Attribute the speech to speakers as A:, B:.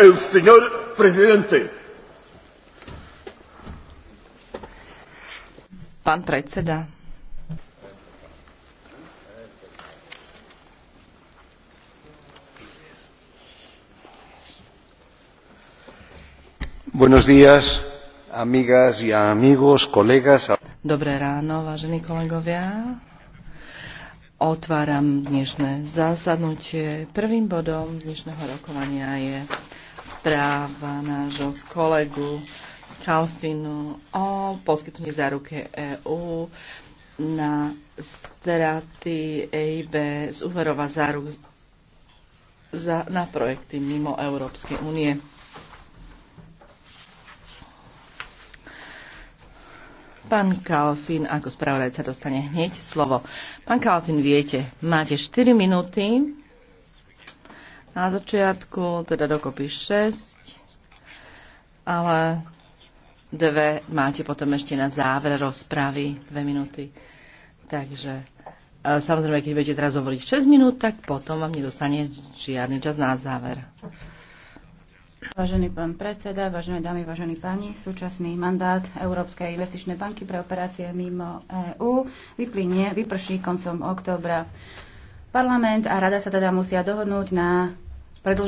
A: El señor presidente. Pán predseda.
B: Buenos días, amigas y amigos, colegas.
A: Dobré ráno, vážení kolegovia. Otváram dnešné zasadnutie. Prvým bodom dnešného rokovania je správa nášho kolegu Kalfinu o poskytnutí záruke EÚ na straty EIB z úverova záruk za, na projekty mimo Európskej únie. Pán Kalfin, ako spravodajca, dostane hneď slovo. Pán Kalfin, viete, máte 4 minúty na začiatku, teda dokopy 6, ale dve máte potom ešte na záver rozpravy, dve minúty. Takže e, samozrejme, keď budete teraz hovoriť 6 minút, tak potom vám nedostane žiadny čas na záver.
C: Vážený pán predseda, vážené dámy, vážení páni, súčasný mandát Európskej investičnej banky pre operácie mimo EÚ vyplynie, vyprší koncom októbra. Parlament a rada sa teda musia dohodnúť na predĺžení